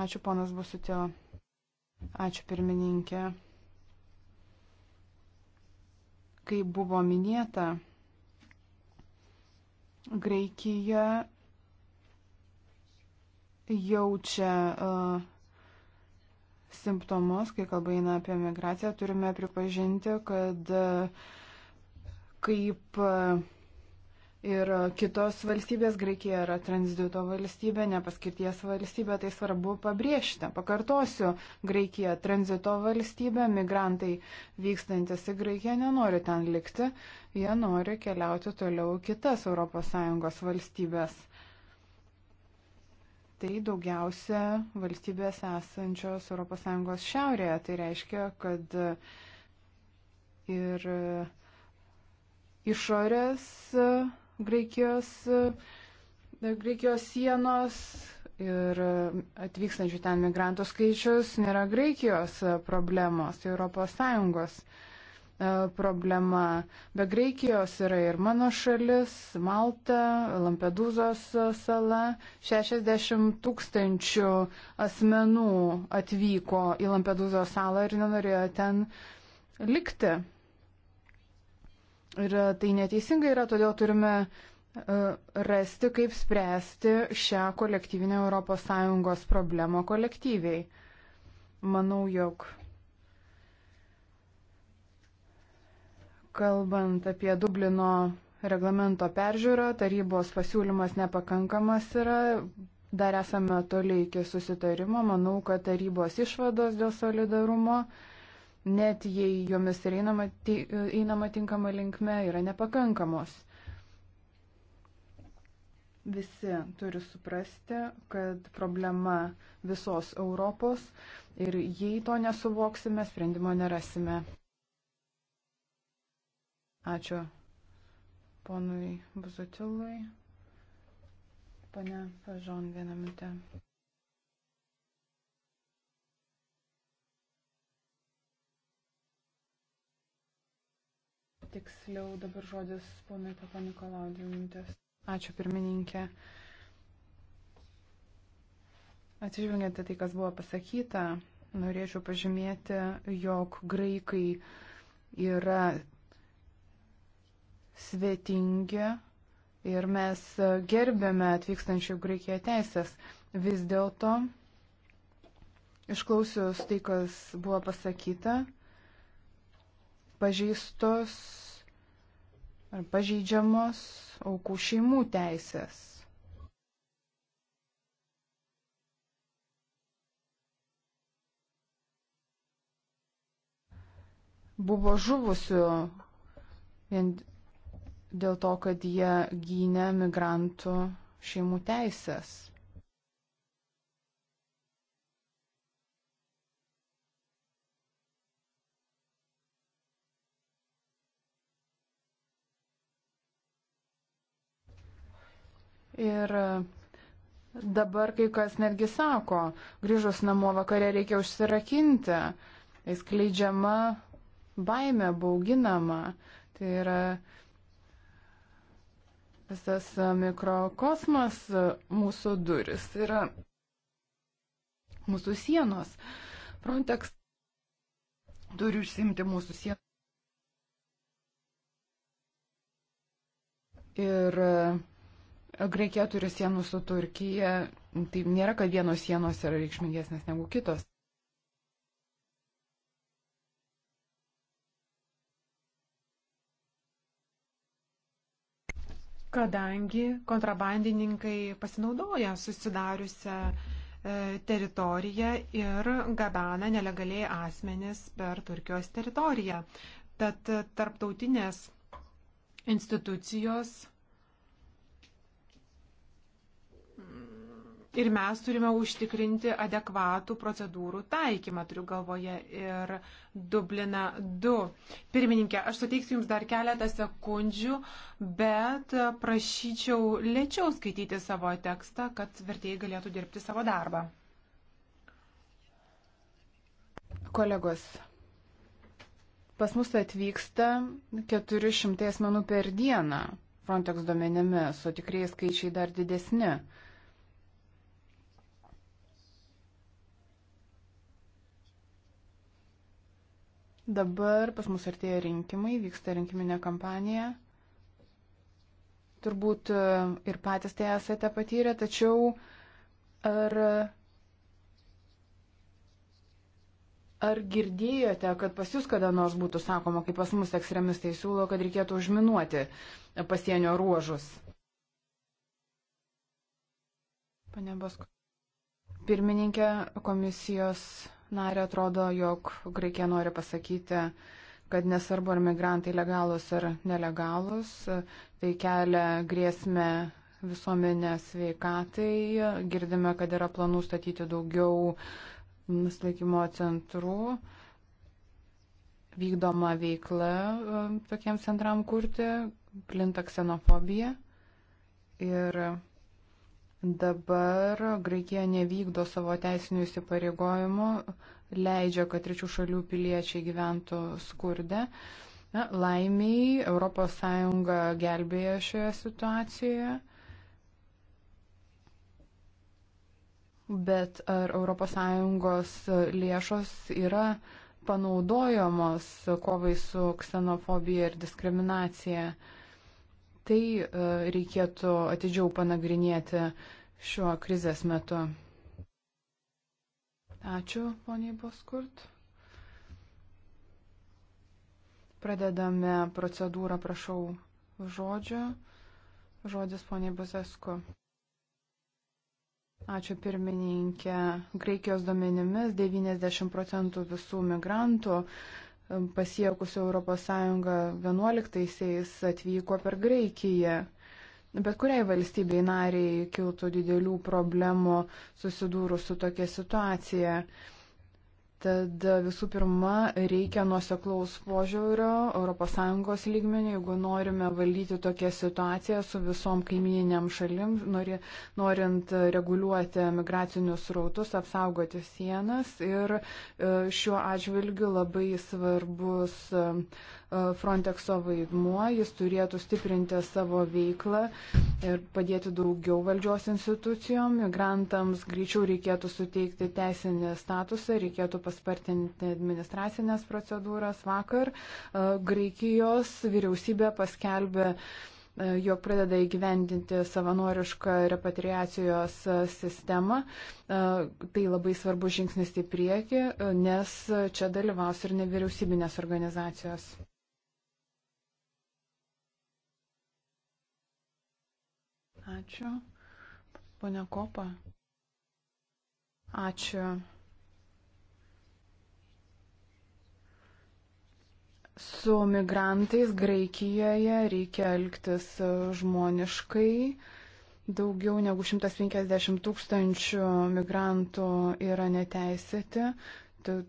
Ačiū, ponas Busutio. Ačiū, pirmininkė. Kaip buvo minėta, Graikija jaučia uh, simptomus, kai kalba eina apie migraciją, turime pripažinti, kad uh, kaip uh, ir kitos valstybės, Graikija yra tranzito valstybė, nepaskirties valstybė, tai svarbu pabrėžti. Pakartosiu, Graikija tranzito valstybė, migrantai vykstantis į Graikiją nenori ten likti, jie nori keliauti toliau kitas ES valstybės. Tai daugiausia valstybės esančios ES šiaurėje. Tai reiškia, kad ir išorės Graikijos, e, Graikijos sienos ir atvykstančių ten migrantų skaičius nėra Graikijos e, problemos, tai ES e, problema. Be Graikijos yra ir mano šalis, Malta, Lampedūzos sala. 60 tūkstančių asmenų atvyko į Lampedūzos salą ir nenorėjo ten likti. Ir e, tai neteisinga yra, todėl turime e, rasti, kaip spręsti šią kolektyvinę ES problemą kolektyviai. Manau, jog kalbant apie Dublino reglamento peržiūrą, tarybos pasiūlymas nepakankamas yra, dar esame toliai iki susitarimo, manau, kad tarybos išvados dėl solidarumo uh, net jei jomis ir einama, einama tinkama linkme, yra nepakankamos. Visi turi suprasti, kad problema visos Europos ir jei to nesuvoksime, sprendimo nerasime. Ačiū ponui Buzutilui. Pane Pažon, vieną minutę. tiksliau dabar žodis ponui Papa Nikolau dvi minutės. Ačiū pirmininkė. Atsižvelgiant į tai, kas buvo pasakyta, norėčiau pažymėti, jog graikai yra svetingi ir mes gerbėme atvykstančių Graikiją teisės. Vis dėlto, išklausius tai, kas buvo pasakyta, pažeistos ar pažeidžiamos aukų šeimų teisės. Buvo žuvusių vien dėl to, kad jie gynė migrantų šeimų teisės. Ir e, dabar kai kas netgi sako, grįžus namo vakare reikia užsirakinti, įskleidžiama baime, bauginama. Tai yra visas e, mikrokosmas e, mūsų duris, yra mūsų sienos. Frontex turi užsimti mūsų sieną. Ir uh, Graikija turi sienų su Turkija, tai nėra, kad vienos sienos yra reikšmingesnės negu kitos. Kadangi kontrabandininkai pasinaudoja susidariusią e, teritoriją ir gabena nelegaliai asmenis per Turkijos teritoriją. Tad tarptautinės institucijos Ir mes turime užtikrinti adekvatų procedūrų taikymą, turiu galvoje ir Dublina 2. Pirmininkė, aš suteiksiu Jums dar keletą sekundžių, bet prašyčiau lėčiau skaityti savo tekstą, kad vertėjai galėtų dirbti savo darbą. Kolegos, pas mus atvyksta 400 asmenų per dieną Frontex duomenimis, o tikrieji skaičiai dar didesni. Dabar pas mus artėja rinkimai, vyksta rinkiminė kampanija. Turbūt e, ir patys tai esate patyrę, tačiau ar, ar girdėjote, kad pas jūs kada nors būtų sakoma, kaip pas mus ekstremistai siūlo, kad reikėtų užminuoti pasienio ruožus? Pane Basko. Pirmininkė komisijos narė, atrodo, jog Graikija nori pasakyti, kad nesvarbu ar migrantai legalus ar nelegalus, tai kelia grėsmę visuomenės veikatai. Girdime, kad yra planų statyti daugiau nuslaikymo centrų. Vykdoma veikla e, tokiems centram kurti, plinta ksenofobija. Ir Dabar Graikija nevykdo savo teisinių įsipareigojimų, leidžia, kad trečių šalių piliečiai gyventų skurde. Na, laimiai ES gelbėja šioje situacijoje. Bet ar ES lėšos yra panaudojamos kovai su ksenofobija ir diskriminacija? Uh, Tai e, reikėtų atidžiau panagrinėti šio krizės metu. Ačiū, poniai Boskurt. Pradedame procedūrą, prašau, žodžio. Žodis poniai Buzesku. Ačiū pirmininkė. Graikijos domenimis 90 procentų visų migrantų pasiekusių ES 11-aisiais atvyko per Graikiją. Bet kuriai valstybei nariai kiltų didelių problemų susidūrus su tokia situacija. Tad visų pirma, reikia nuoseklaus požiūrio ES lygmenį, jeigu norime valdyti tokią situaciją su visom kaimininiam šalim, nori, norint reguliuoti migracinius rautus, apsaugoti sienas. Ir e, šiuo atžvilgiu labai svarbus Frontexo vaidmuo, jis turėtų stiprinti savo veiklą ir padėti daugiau valdžios institucijom. Migrantams greičiau reikėtų suteikti teisinį statusą, reikėtų paspartinti administracinės procedūras. Vakar e, Graikijos vyriausybė paskelbė e, jog pradeda įgyvendinti savanorišką repatriacijos sistemą. E, tai labai svarbus žingsnis į priekį, nes čia dalyvaus ir nevyriausybinės organizacijos. Ačiū. Pone Kopa. Ačiū. Su migrantais Graikijoje reikia elgtis žmoniškai. Daugiau negu 150 tūkstančių migrantų yra neteisėti.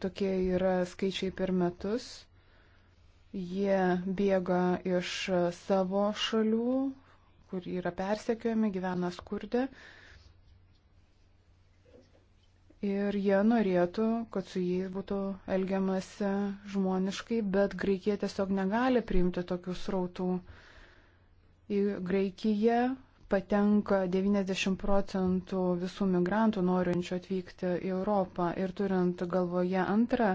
Tokie yra skaičiai per metus. Jie bėga iš savo šalių, kur yra persekiojami, gyvena skurde. Ir jie norėtų, kad su jais būtų elgiamasi žmoniškai, bet Graikija tiesiog negali priimti tokių srautų. Į Graikiją patenka 90 procentų visų migrantų norinčių atvykti į Europą. Ir turint galvoje antrą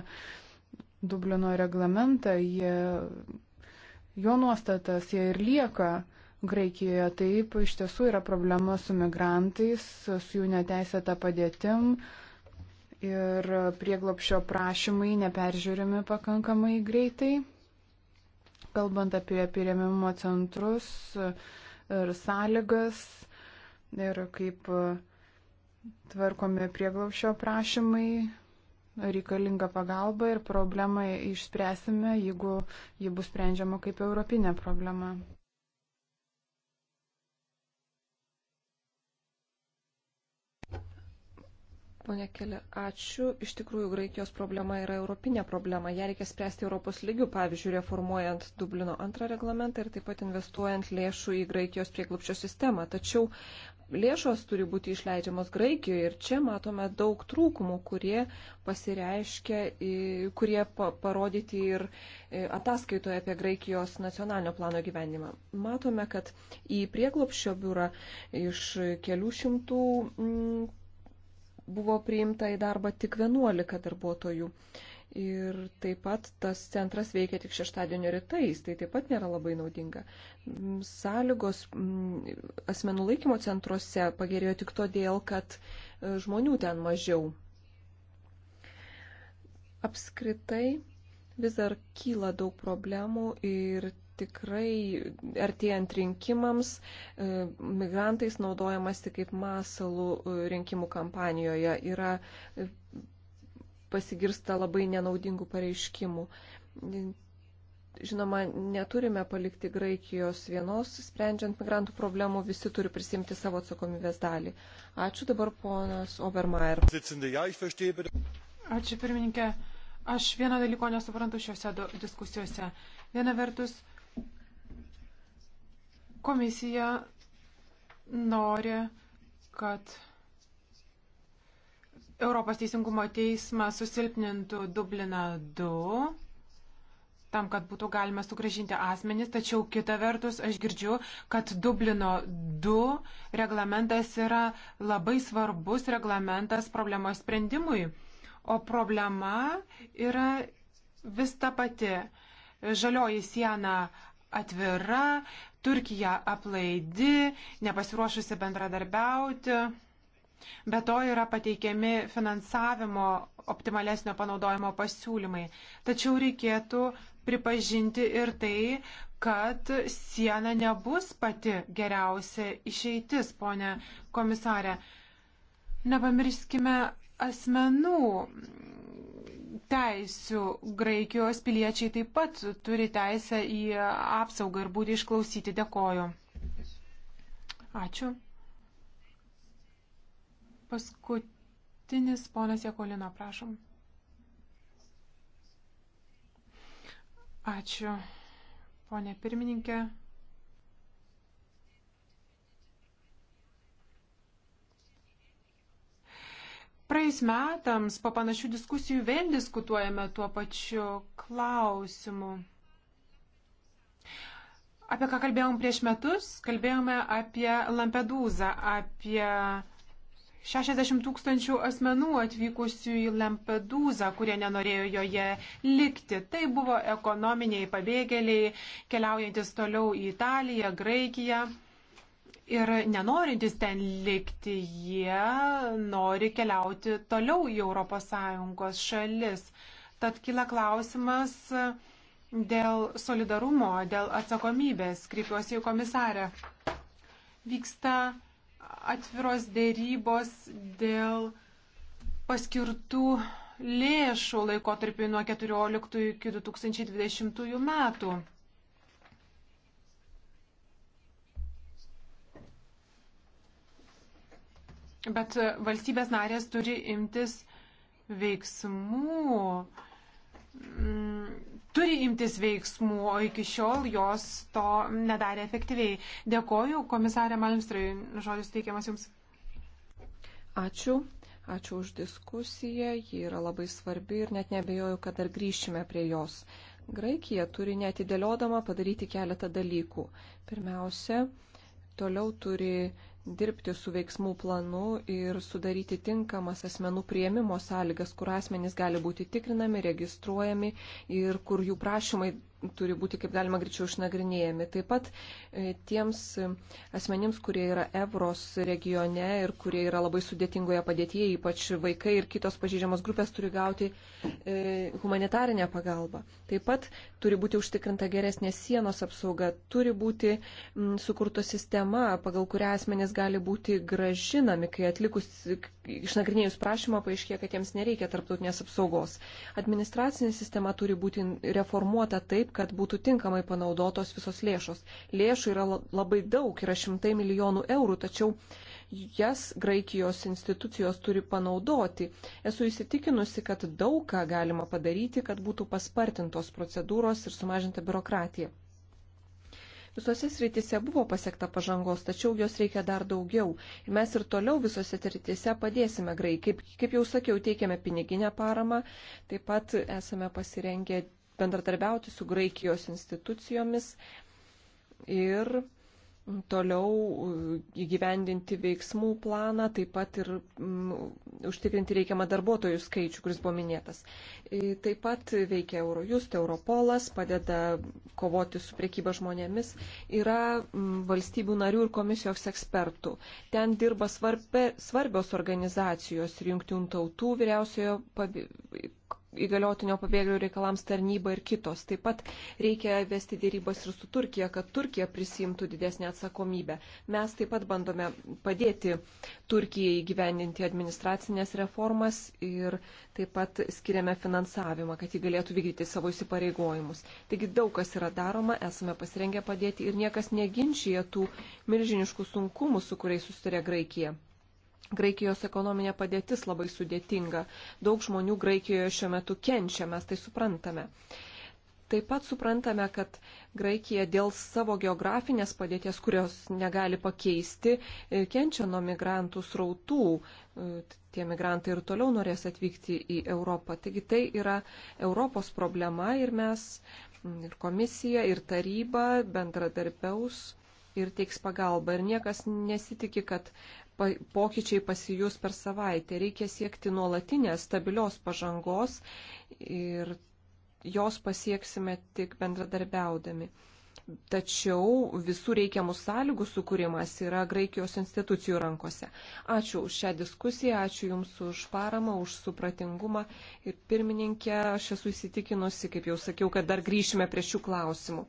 Dublino reglamentą, jie, jo nuostatas jie ir lieka Graikijoje taip, iš tiesų yra problema su migrantais, su jų neteisėta padėtim ir prieglopšio prašymai neperžiūrimi pakankamai greitai. Kalbant apie pirėmimo centrus ir sąlygas ir kaip tvarkomi prieglopšio prašymai, reikalinga pagalba ir problemą išspręsime, jeigu ji bus sprendžiama kaip europinė problema. Pone Keli, ačiū. Iš tikrųjų, Graikijos problema yra europinė problema. Ją reikia spręsti Europos lygių, pavyzdžiui, reformuojant Dublino antrą reglamentą ir taip pat investuojant lėšų į Graikijos prieglupščio sistemą. Tačiau lėšos turi būti išleidžiamos Graikijoje ir čia matome daug trūkumų, kurie pasireiškia, kurie parodyti ir e, ataskaitoje apie Graikijos nacionalinio plano gyvenimą. Matome, kad į prieglopščio biurą iš kelių šimtų buvo priimta į darbą tik 11 darbuotojų. Ir taip pat tas centras veikia tik šeštadienio rytais, tai taip pat nėra labai naudinga. Sąlygos asmenų laikymo centruose pagerėjo tik todėl, kad e, žmonių ten mažiau. Apskritai vis dar kyla daug problemų ir tikrai artėjant rinkimams e, migrantais naudojamasi kaip masalų e, rinkimų kampanijoje. Yra e, pasigirsta labai nenaudingų pareiškimų. Žinoma, neturime palikti Graikijos vienos, sprendžiant migrantų problemų, visi turi prisimti savo atsakomybės dalį. Ačiū dabar ponas Obermeier. Ačiū pirmininkė. Aš vieno dalyko nesuprantu šiuose diskusijose. Viena vertus, Komisija nori, kad Europos teisingumo teismas susilpnintų Dubliną 2 tam, kad būtų galima sugražinti asmenis, tačiau kita vertus aš girdžiu, kad Dublino 2 reglamentas yra labai svarbus reglamentas problemos sprendimui, o problema yra vis ta pati. Žalioji siena atvira, Turkija aplaidi, nepasiruošusi bendradarbiauti. Be to yra pateikiami finansavimo optimalesnio panaudojimo pasiūlymai. Tačiau reikėtų pripažinti ir tai, kad siena nebus pati geriausia išeitis, ponė komisarė. Nepamirškime asmenų teisių. Graikijos piliečiai taip pat turi teisę į apsaugą ir būti išklausyti. Dėkoju. Ačiū. Paskutinis ponas Jekolino, prašom. Ačiū, ponė pirmininkė. Praėjus metams po panašių diskusijų vėl diskutuojame tuo pačiu klausimu. Apie ką kalbėjom prieš metus? Kalbėjome apie Lampedūzą, apie 60 tūkstančių asmenų atvykusių į Lampedūzą, kurie nenorėjo joje likti. Tai buvo ekonominiai pabėgėliai, keliaujantis toliau į Italiją, Graikiją. Ir nenorintys ten likti, jie nori keliauti toliau į ES šalis. Tad kyla klausimas dėl solidarumo, dėl atsakomybės. Kreipiuosi į komisarę. Vyksta atviros dėrybos dėl paskirtų lėšų laikotarpiai nuo 14 iki 2020 metų. Bet e, valstybės narės turi imtis veiksmų, mm, turi imtis veiksmų, o iki šiol jos to nedarė efektyviai. Dėkoju, komisarė Malmstrui, žodis teikiamas Jums. Ačiū. Ačiū už diskusiją, ji yra labai svarbi ir net nebejoju, kad dar grįšime prie jos. Graikija turi netidėliodama padaryti keletą dalykų. Pirmiausia, toliau turi dirbti su veiksmų planu ir sudaryti tinkamas asmenų prieimimo sąlygas, kur asmenys gali būti tikrinami, registruojami ir kur jų prašymai turi būti kaip galima greičiau išnagrinėjami. Taip pat e, tiems asmenims, kurie yra Evros regione ir kurie yra labai sudėtingoje padėtyje, ypač vaikai ir kitos pažydžiamos grupės turi gauti e, humanitarinę pagalbą. Taip pat turi būti užtikrinta geresnė sienos apsauga, turi būti sukurta sistema, pagal kurią asmenys gali būti gražinami, kai atlikus, išnagrinėjus prašymą paaiškėja, kad jiems nereikia tarptautinės apsaugos. Administracinė sistema turi būti reformuota taip, taip, kad būtų tinkamai panaudotos visos lėšos. Lėšų yra labai daug, yra šimtai milijonų eurų, tačiau jas Graikijos institucijos turi panaudoti. Esu įsitikinusi, kad daug ką galima padaryti, kad būtų paspartintos procedūros ir sumažinta biurokratija. Visose srityse buvo pasiekta pažangos, tačiau jos reikia dar daugiau. Ir mes ir toliau visose srityse padėsime graikiai. Kaip, kaip jau sakiau, teikiame piniginę paramą, taip pat esame pasirengę bendratarbiauti su Graikijos institucijomis ir toliau uh, įgyvendinti veiksmų planą, taip pat ir m, mm, užtikrinti reikiamą darbuotojų skaičių, kuris buvo minėtas. Taip pat veikia Eurojust, Europolas, padeda kovoti su priekyba žmonėmis, yra m, mm, valstybių narių ir komisijos ekspertų. Ten dirba svarbė, svarbios organizacijos ir jungtinių tautų vyriausiojo įgaliotinio pabėgėlių reikalams tarnyba ir kitos. Taip pat reikia vesti dėrybas ir su Turkija, kad Turkija prisimtų didesnį atsakomybę. Mes taip pat bandome padėti Turkijai gyveninti administracinės reformas ir taip pat skiriame finansavimą, kad ji galėtų vykdyti savo įsipareigojimus. Taigi daug kas yra daroma, esame pasirengę padėti ir niekas neginčia tų milžiniškų sunkumų, su kuriais susitarė Graikija. Graikijos ekonominė padėtis labai sudėtinga. Daug žmonių Graikijoje šiuo metu kenčia, mes tai suprantame. Taip pat suprantame, kad Graikija dėl savo geografinės padėties, kurios negali pakeisti, e, kenčia nuo migrantų srautų. E, tie migrantai ir toliau norės atvykti į Europą. Taigi tai yra Europos problema ir mes, ir komisija, ir taryba bendradarbiaus ir teiks pagalbą. Ir niekas nesitikė, kad pokyčiai pasijus per savaitę. Reikia siekti nuolatinės stabilios pažangos ir jos pasieksime tik bendradarbiaudami tačiau visų reikiamų sąlygų sukūrimas yra Graikijos institucijų rankose. Ačiū už šią diskusiją, ačiū Jums už paramą, už supratingumą ir pirmininkė, aš esu įsitikinusi, kaip jau sakiau, kad dar grįšime prie šių klausimų.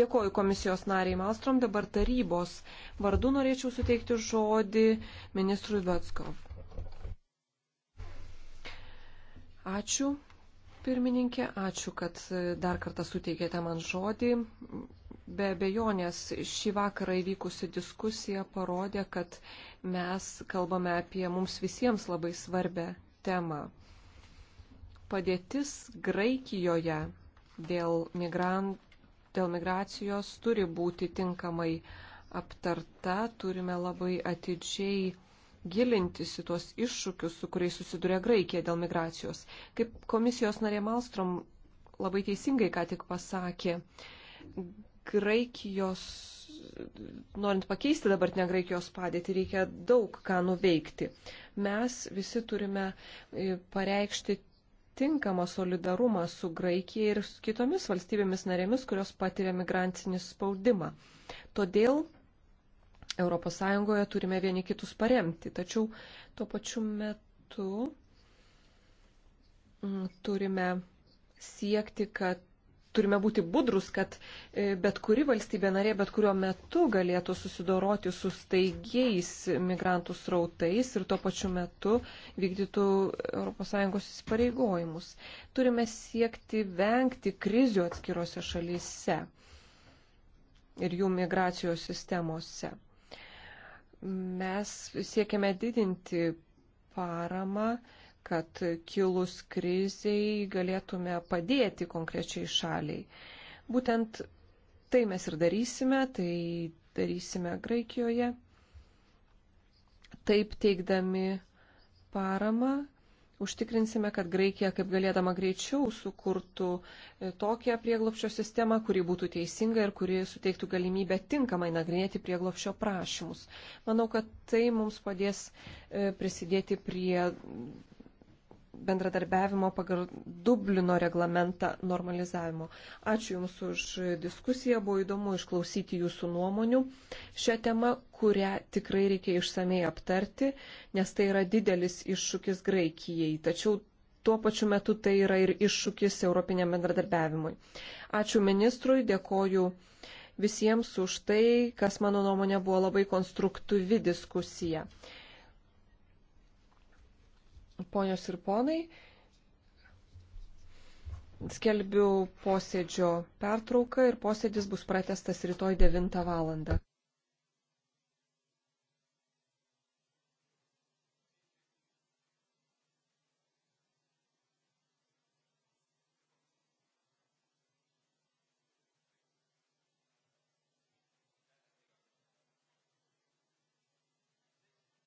Dėkoju komisijos nariai Malstrom, dabar tarybos vardu norėčiau suteikti žodį ministrui Vetskov. Ačiū pirmininkė, ačiū, kad dar kartą suteikėte man žodį. Be bejonės šį vakarą įvykusi diskusija parodė, kad mes kalbame apie mums visiems labai svarbę temą. Padėtis Graikijoje dėl, migran, dėl migracijos turi būti tinkamai aptarta, turime labai atidžiai gilintis į tuos iššūkius, su kuriais susiduria Graikija dėl migracijos. Kaip komisijos narė Malstrom labai teisingai ką tik pasakė, Graikijos, norint pakeisti dabartinę Graikijos padėtį, reikia daug ką nuveikti. Mes visi turime e, pareikšti tinkamą solidarumą su Graikija ir su kitomis valstybėmis narėmis, kurios patiria migrantinį spaudimą. Todėl ES turime vieni kitus paremti, tačiau tuo pačiu metu mm, turime siekti, kad turime būti budrus, kad e, bet kuri valstybė narė bet kuriuo metu galėtų susidoroti su staigiais migrantų srautais ir tuo pačiu metu vykdytų ES įsipareigojimus. Turime siekti vengti krizių atskirose šalyse ir jų migracijos sistemose. Mes siekiame didinti paramą kad kilus kriziai galėtume padėti konkrečiai šaliai. Būtent tai mes ir darysime, tai darysime Graikijoje, taip teikdami paramą. Užtikrinsime, kad Graikija kaip galėdama greičiau sukurtų e, tokią prieglopščio sistemą, kuri būtų teisinga ir kuri suteiktų galimybę tinkamai nagrinėti prieglopščio prašymus. Manau, kad tai mums padės e, prisidėti prie bendradarbiavimo pagal Dublino reglamentą normalizavimo. Ačiū Jums už diskusiją, buvo įdomu išklausyti Jūsų nuomonių. Šią temą, kurią tikrai reikia išsamei aptarti, nes tai yra didelis iššūkis Graikijai. Tačiau tuo pačiu metu tai yra ir iššūkis Europiniam bendradarbiavimui. Ačiū ministrui, dėkoju visiems už tai, kas mano nuomonė buvo labai konstruktyvi diskusija. Ponios ir ponai, skelbiu posėdžio pertrauką ir posėdis bus pratestas rytoj 9 val.